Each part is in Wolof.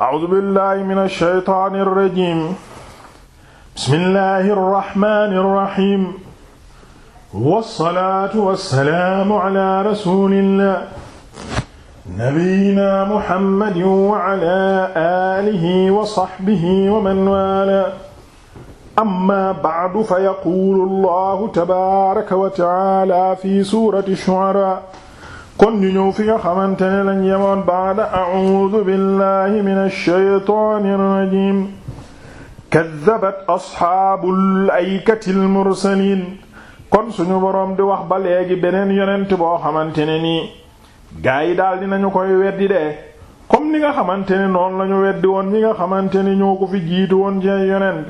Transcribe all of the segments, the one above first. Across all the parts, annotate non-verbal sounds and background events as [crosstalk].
a'uuzu billaahi mina shaytaani rajiim bismillaahi rahmaani rahiim wassalaatu wassalaamu alaa rasuulillaahi nabiyyinaa muhammadin wa alaa aalihi wa sahbihi wa man waalaahu amma ba'du fa yaquulu llaahu tabaaraka wa ta'aalaa fi suurati shu'araa kon ñu ñëw fi nga xamante ne lañ yemoon baada a'uudu billahi minash shaytaanir rajiim kaddabat asxaabul aykatil mursaliin kon suñu borom di wax ba léegi beneen yonent boo xamante ne nii gaa yi daal dinañu koy weddi dee comme ni nga xamante ne noonu lañu weddi woon ñi nga xamante ni ñoo ko fi jiitu woon ci ay yonent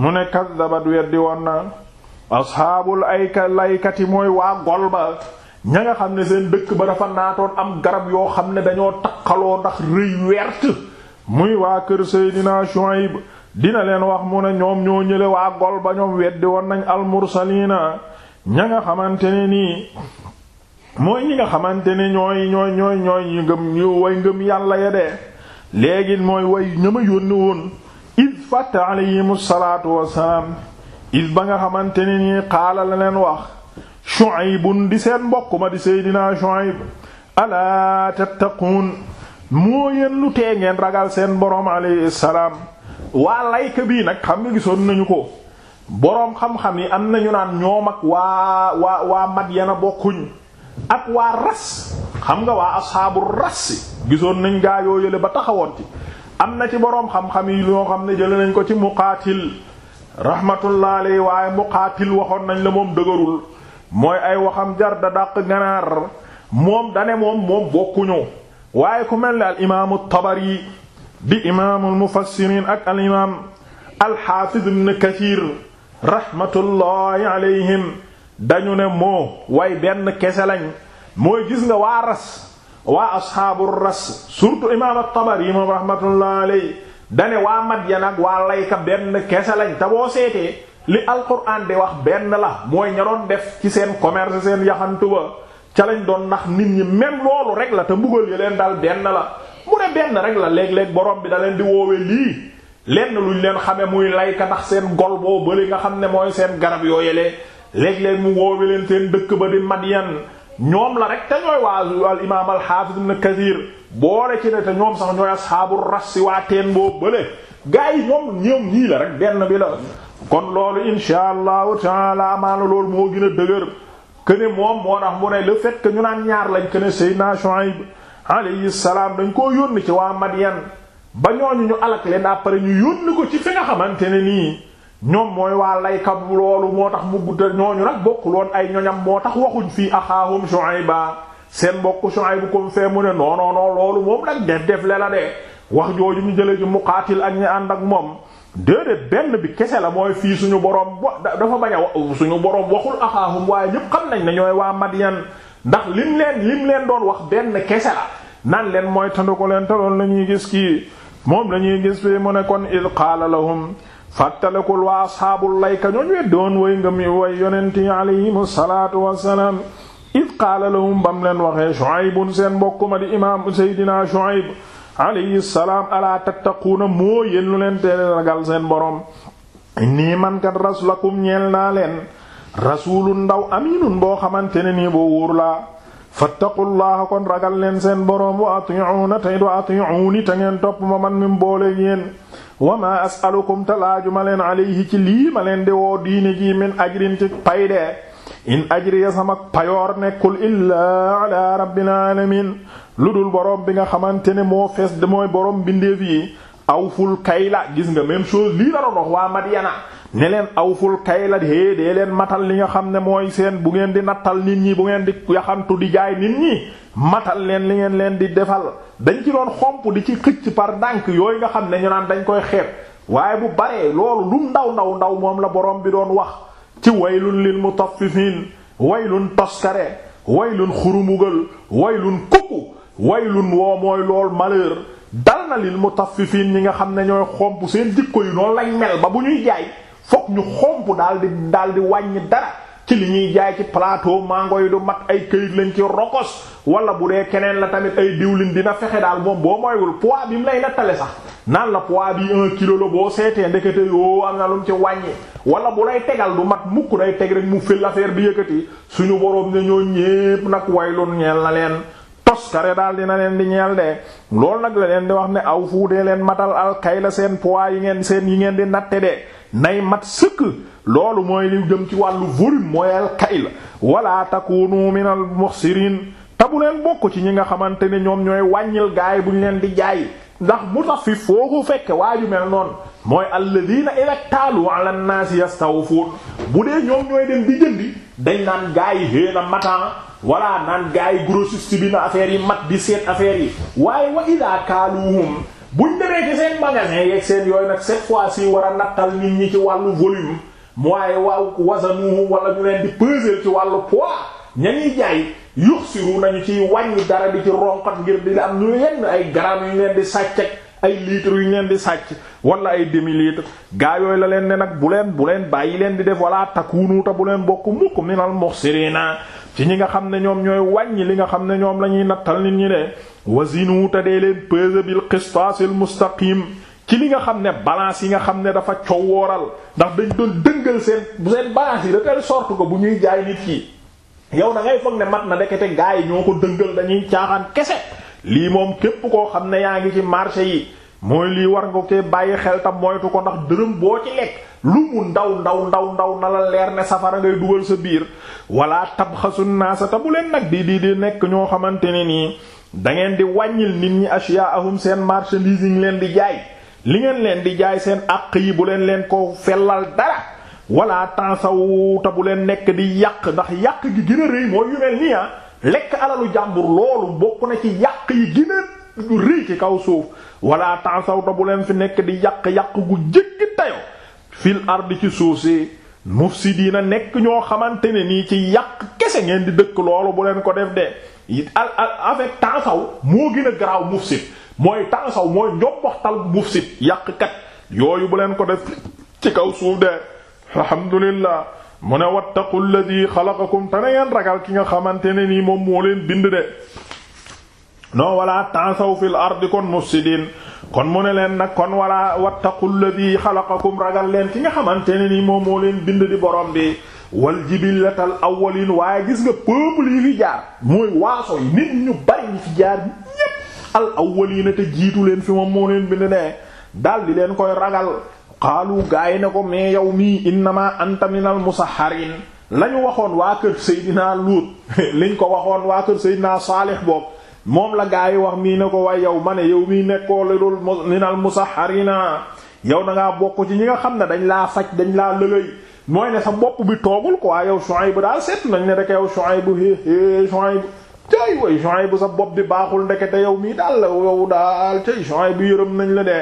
mu ne kaddabat weddi woon na asxaabul ayka laykati mooy waa gol ña nga xam ne seen dëkk ba dafa naatoon am garab yoo xam ne dañoo taqaloo ndax rëy wert muy waa kër Seydina Shuayb dina leen wax mu ne ñoom ñoo ñële waa gol ba ñoom weddi woon nañ almursalina ña nga xamante ne nii mooy ñi nga xamante ne ñooy ñooy ñooy ñooy ñu ngëm ñu way ngëm yàlla ya de léegi mooy way ñama yónni woon id yi aleyhim salaatu wassalaam id ba nga xamante ne nii xaala la leen wax Shu'aybun di seen mbokk ma di Seydina Shu'ayb alaa tattaquun moo yéen lu tee ngeen ragal seen boroom alayhi salaam waa layka bii nag xam nga gisoon nañu ko boroom xam-xam yi am nañu naan ñoom ak waa waa waa Madyana bokkuñ ak waa ras xam nga waa asxaabu ras gisoon nañ gaa yoo yële ba taxawoon ci am na ci boroom xam-xam yi ñoo xam ne jële nañ ko ci muqaatil rahmatullah alayhi waaye muqaatil waxoon nañ la moom dëgërul mooy ay waxam jar da dàq ganaar moom dane moom moom bokkuñu waaye ku mel ne al imaamu Tabari di imaamul mufassiriin ak al imaam al xaafiz ibn Kasiir rahmatullahi alayhim dañu ne moo way benn kese lañ mooy gis nga waa ras waa asxaabu ras surtout imaam at-Tabari moom rahmatullahi alayhi dane waa Madyan ak waa Layka benn kese lañ te seetee li alquran di wax benn la mooy ña doon def ci seen commerce seen yaxantu ba ca lañ doon nax nit ñi même loolu rek la te mbugal ya leen daal benn la mu ne benn rek la léeg-léeg borom bi da leen di woowe lii lenn luñu leen xame muy layka ndax seen gol boo bële nga xam ne mooy seen garab yoo yelee léeg-léeg mu woowe leen seen dëkk ba di mat Madyan ñoom la rek te ñooy waa al imaam al hafiz ibn Kathir ci ne te ñoom sax ñooy asxaabu rassi waa teen boo bële gaa yi ñoom ñoom rek benn bi la kon loolu insha allahu taala amaana loolu moo gën a dëgër këne moom moo tax mu ne le fekk ñu naan ñaar lañ këne Seydina Shuaib alayhi salaam dañ koo yónni ci waa Madyan ba ñooñu ñu alak leen après ñu yónni ko ci fi nga xamante ne nii ñoom mooy waa layka loolu moo tax mu gudda ñooñu nag bokkul woon ay ñoñam moo tax waxuñ fii axaahum baa seen mbokk Shuaib kum fee mu ne non non non loolu moom nag def def le la de wax jooju mu jële ci Muqaatil ak ñi ànd ak moom déedéet benn bi kese la mooy fii suñu boroom wa dafa bañ suñu boroom waxul axaahum waaye ñëpp xam nañ ne ñooy waa Madyan ndax lim leen lim leen doon wax benn kese la nan leen mooy tandu ko leen taloon la ñuy gis kii moom lañuy gis fii mu ne kon id qaala lahum fàttalekul waa asxaabul layka ñooñ we doon way ngëm yu way yonent yi alayhim salaatu wassalaam id qaala lahum bam leen waxee Shuaybun seen mbokk ma di imaam Seydina Shuayb alayhi salaam alaa tattaquuna moo yéen lu leen ragal seen borom nii man kat rasulakum ñeel naa leen rasuulu ndaw amiinun boo xamante ne nii boo wóor laa kon ragal leen seen borom wa ati'uuna tey wa ati'uuni ngeen topp ma man mi boole yéen. wa maa as'alukum te laaju alayhi ci lii ma leen di woo min ajrin ci pay in ajriya sama payoor nekkul illaa ala rabbil alamin lu dul borom bi nga xamante ne moo fees mooy borom bindeef yi awful kayla gis nga même chose lii la doon wax waa Madyana ne leen awful kayla hee dee leen matal li nga xam ne mooy seen bu ngeen di nattal nit ñi bu ngeen di yaxantu di jaay nit ñi matal leen li ngeen leen di defal dañ ci doon xomp di ci xëcc par ndànk yooyu nga xam ne ñu naan dañ koy xeeb waaye bu baree loolu lum ndaw ndaw ndaw moom la borom bi doon wax ci waylun lil mutaffifiin waylun toskare waylun xurumugal waylun kukku waylun woo mooy lool malheur dal na lil mutaffifiin ñi nga xam ne ñooy xomp seen jikko yi noonu lañ mel ba bu ñuy jaay fokk ñu xomp daal di daal di wàññi dara ci li ñuy jaay ci plateau mango yi du mat ay këyit lañ ci rokos wala bu dee keneen la tamit ay diwlin dina fexe daal moom boo moywul poids bi mu lay nattale sax naan la poids bi un kilo la boo seetee ndekete am na lu mu ci wàññi wala bu lay tegal du mat mukk day teg rek mu fil affaire bi yëkkati suñu boroom ne ñoo ñépp nag waylun ñeel na leen sos kare daal dina leen di ñeel de loolu nag la leen di wax ne aw fuudee leen matal alkayla seen poids yi ngeen seen yi ngeen di natte de nay mat sëkk loolu mooy li jëm ci wàllu volume mooy alkayla wala takunu minal muxsirin te bu leen bokk ci ñi nga xamante ne ñoom ñooy wàññil gaay bu ñu leen di jaay ndax mu tax fi foo ko fekke waaju mel noonu mooy alladina iktaalu ala nnaasi yastawfuun bu dee ñoom ñooy dem di jëndi dañ naan gaay yi xëy voilà naan gars yi grossiste bi na affaire yi mat bi seet affaire yi waaye wa ida kaaluhum buñ demee ci seen magasin yeeg seen yooyu nag cette fois si war a nattal nit ñi ci wàllu volume mooy waaw wasanuhum wala ñu leen di peser ci wàllu poids ña ñuy si yuxsiru nañu ciy wàññi dara bi ci ronkat ngir di am ñu yenn ay garan yu leen di sàcc ay liitre yu leen di sàcc wala ay demi litre gaa yooyu la leen ne nag bu leen bu leen bàyyi leen di def wala takunuuta bu leen bokk mukk minal muxsirina ci ñi nga xam ne ñoom ñooy wàññi li nga xam ne ñoom la ñuy nattal nit ñi de wazinu te dee leen peser bil qistaasil mustaqim ci li nga xam ne balance yi nga xam ne dafa coowooral ndax dañ doon dëngal seen seen balance yi de telle sorte ko bu ñuy jaay nit yi yow da ngay foog ne mat na dekete gaa yi ñoo ko dëngal dañuy caaxaan kese lii moom képp koo xam ne yaa ngi ci marché yi mooy lii war nga bàyyi xel tam moytu ko ndax dërëm boo ci lekk lu mu ndaw ndaw ndaw ndaw na la leer ne safara ngay dugal sa biir wala tabxasu naasa te bu leen nag di di di nekk ñoo xamante ne nii da ngeen di wàññil nit ñi ashiyaahum seen marchandise yi leen di jaay li ngeen leen di jaay seen àq yi bu leen leen ko fellal dara wala tansaw te bu leen nekk di yàq ndax yàq gi gën a rëy mooy yu mel nii ah lekk alalu jàmbur loolu bokk na ci yàq yi lu rëy ci kaw suuf wala tansawta bu leen fi nekk di yàq-yàq gu jéggi tayo fil ard ci suuf si mufsidiina nekk ñoo xamante ne nii ci yàq kese ngeen di dëkk loolu bu leen ko def de it al al avec tansaw moo gën a garaaw mufsid mooy tansaw mooy njobboxtal mufsid yàqkat yooyu bu leen ko def ci kaw suuf de alhamdulillah mu ne wattaqu alladhi xalaqakum te na ngeen ragal ki nga xamante ne nii moom moo leen bind de non wala tansaw fil ardi kon mufsidin kon mu ne leen nag kon wala wattaqul ladhi xalaqakum ragal leen ki nga xamante ne nii moom moo leen bind di borom bi wal jibillatal awwalin waaye gis nga peuple yi fi jaar mooy waaso yi nit ñu bari ñi fi jaar ñépp al te jiitu leen fi moom moo leen bind ne daal di leen koy ragal xaalu gaay ne ko mais yow mii innama anta minal musahharin lañu waxoon waa kër Seydina Luut [laughs] liñ ko waxoon waa kër Seydina Saalih boobu moom la gaa yi wax mii ne ko waaye yow ma ne yow mii nekkoo lidul ninal musaharina yow da ngaa bokk ci ñi nga xam ne dañ laa faj dañ laa lëgëy mooy ne sa bopp bi toogul ko quoi yow Shuayb bu daal seet nañ ne rek yow Shuayb bu hé hé Shuayb tey way Shuayb bu sa bopp bi baaxul ndekete yow mii daal yow daal tey Shuayb bu yërëm nañ la de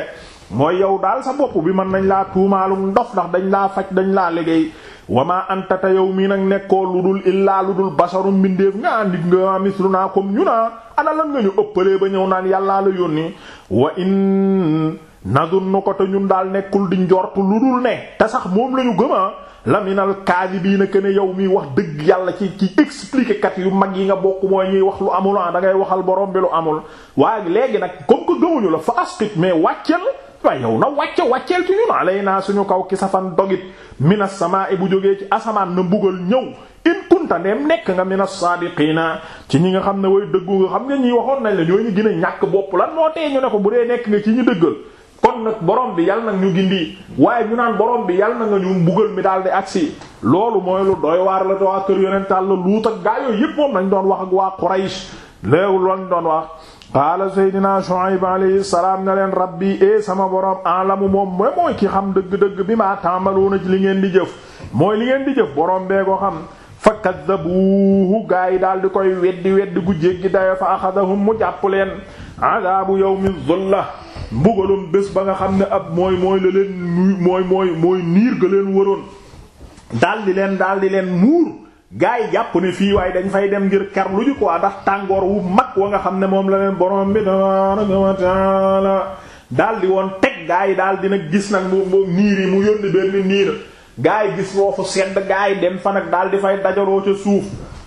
mooy yow daal sa bopp bi mën nañ laa tuumaalum ndox ndax dañ laa faj dañ laa liggéey wama anta ta yow mii nag nekkoo lu dul illaa lu dul basaru mbindeef nga nit nga mislu naa comme ñu naa ana lan nga ñu ëppalee ba ñëw naan yàllaa la yónni wa in nadunnu ko te ñun daal nekkul di njortu lu dul ne te sax moom la ñu gëmaa ah. laminal kaadibiina ne yow miy wax dëgg yàlla ci ci expliquer kat yu mag yi nga bokk mooy ñuy wax lu amul ah da ngay waxal borom bi lu amul waaye léegi nag comme que gëmuñu la fa asqit mais wàccel waaye yow na wàcce wàcceel ci ñun alay naa suñu kaw kisafan dogit mina sama bu jógee ci asamaan na mbugal ñëw in kunta ndeem nekk nga mina saadiqiina ci ñi nga xam ne way dëggu nga xam nga ñi waxoon nañ la ñoo ñu gën a ñàkk bopp la moo tee ñu ne ko bu dee nekk nga ci ñu dëggal kon nag borom bi yal nag ñu gindi waaye ñu naan borom bi yal na nga ñu mbugal mi daal di agsi loolu mooy lu doy waar la te waa kër yonental la luut ak gaa yooyu yëpp moom doon wax ak waa Quraysh léewu lañ qaala seydinaa Shuayb alayhi salaam na leen rabbi ee eh sama borom alamu moom mooy mooy ki xam dëgg-dëgg bi maa taamaloona ci li ngeen di jëf mooy li ngeen di jëf borom bee ko xam fa kaddabuuhu gaa yi daal di koy weddi weddi gu jéggi dayo fa axadahum mu jàpp leen adaabu yawmi dhulla mbugalum bés ba nga xam ne ab mooy mooy la leen mooy mooy mooy niir ga leen waroon daldi leen daldi leen muur gaa yi jàpp ne fii waaye dañ fay dem ngir ker lu ji quoi ndax tàngoor wu mag wa nga xam ne moom la leen borom bi tabaraka wa taala daal di woon teg gaa yi daal dina gis nag mu mu niir yi mu yónni benn niir gaa yi gis foofu sedd gaa yi dem fa nag daal di fay dajaloo ca suuf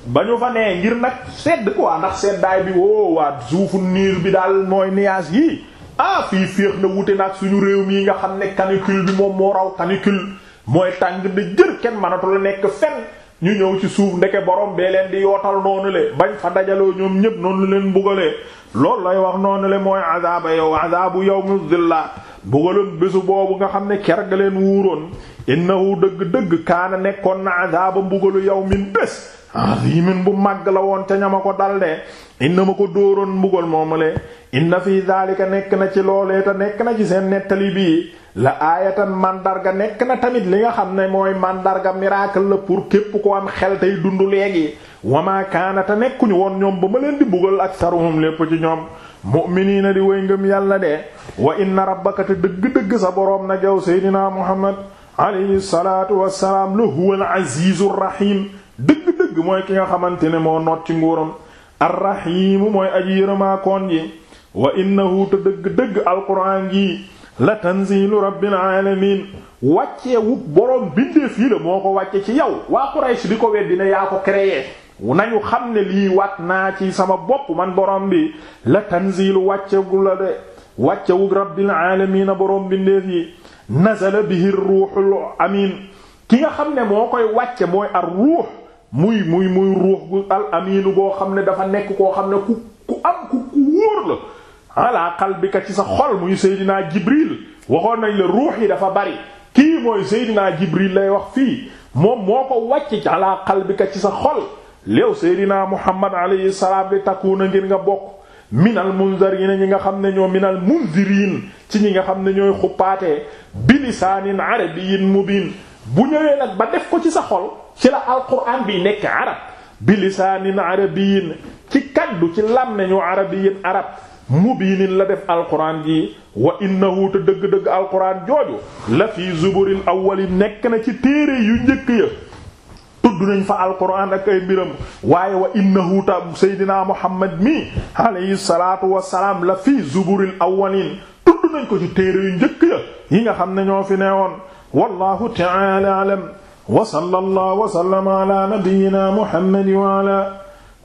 ba ñu fa nee ngir nag sedd quoi ndax seddaay bi woo waa suufu niir bi daal mooy nuage yi ah fii féex na wute nag suñu réew mii nga xam ne canicule bi moom moo raw canicule mooy tàng di jër kenn nekk fenn ñu ñëw ci suuf ndeke borom bee leen di yootal noonu le bañ fa dajaloo ñoom ñépp noonu leen mbugalee lool lay wax noonu le mooy azaba yow azabu yawmi zilla mbugalum bésu boobu nga xam ne ker ga leen wuuroon innahu dëgg-dëgg kaana nekkoon na azaba mbugalu yawmin bés azimin bu màgg la woon ca ko dal de inna ma ko dóoroon mbugal moomale inna fii daalika nekk na ci loolee te nekk na ci seen nettali bii la aayatan màndarga nekk na tamit li nga xam ne mooy mandarga miracle la pour képp ko am xel tey dund léegi wama kaana te nekkuñu woon ñoom ba ma leen di bugal ak saruhum lépp ci ñoom mu'miniina di way ngëm yàlla de wa inna rabbaka te dëgg-dëgg sa boroom na jaw seydinaa muhammad alayhi salaatu wassalaam la huwal aziizur rahiim dëgg-dëgg mooy ki nga xamante ne moo noot ci nguuram arrahiimu mooy aji yërëmaa koon wa innahu te dëgg-dëgg alquraan ji la tanzilu rabbil alamin wàcceewu boroom bindeef yi la moo ko wàcce ci yow waa Quraysh di ko weddi ne yaa ko créé nañu xam ne lii waat naa ci sama bopp man borom bi la tanzilu wàccewu la de wàccewu rabbil alamin boroom bindeef yi nazala bihi ruuxul amin ki nga xam ne moo koy wàcce mooy ar ruux muy muy muy ruux gu al aminu boo xam ne dafa nekk koo xam ne ku ku am ku ku wóor la ala qalbika ci sa xol muy Seydina Jibril waxoon nañ la ruux yi dafa bari kii mooy Seydina Jibril lay wax fii moom moo ko ci wàcc ala qalbika ci sa xol léew Seydina Muhammad alayhi salaam li takkuuna ngir nga bokk minal munzarina ñi nga xam ne ñoo minal munzirin ci ñi nga xam ne ñooy xuppaatee bilisaanin arabiyyin mubiin bu ñëwee nag ba def ko ci sa xol ci la alquran bi nekk arab bilisaanin arabiyyin ci kaddu ci làmmeñu arabiyyin arab mubiinin la def alquran ji wa innahu te dëgg-dëgg alquran jooju la fi zuburil awwali nekk na ci téere yu njëkk ya tudd nañ fa alquran ak ay mbiram waaye wa innahu ta seydina muhammad mi alayhi salaatu wassalaam la fi zuburil awwalin tudd nañ ko ci téere yu njëkk ya yi nga xam ne ñoo fi neewoon wallahu ta'ala alam wa sallallahu wa sallama ala nabiyyina muhammad wa ala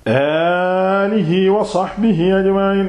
alihi wa sahbihi ajma'in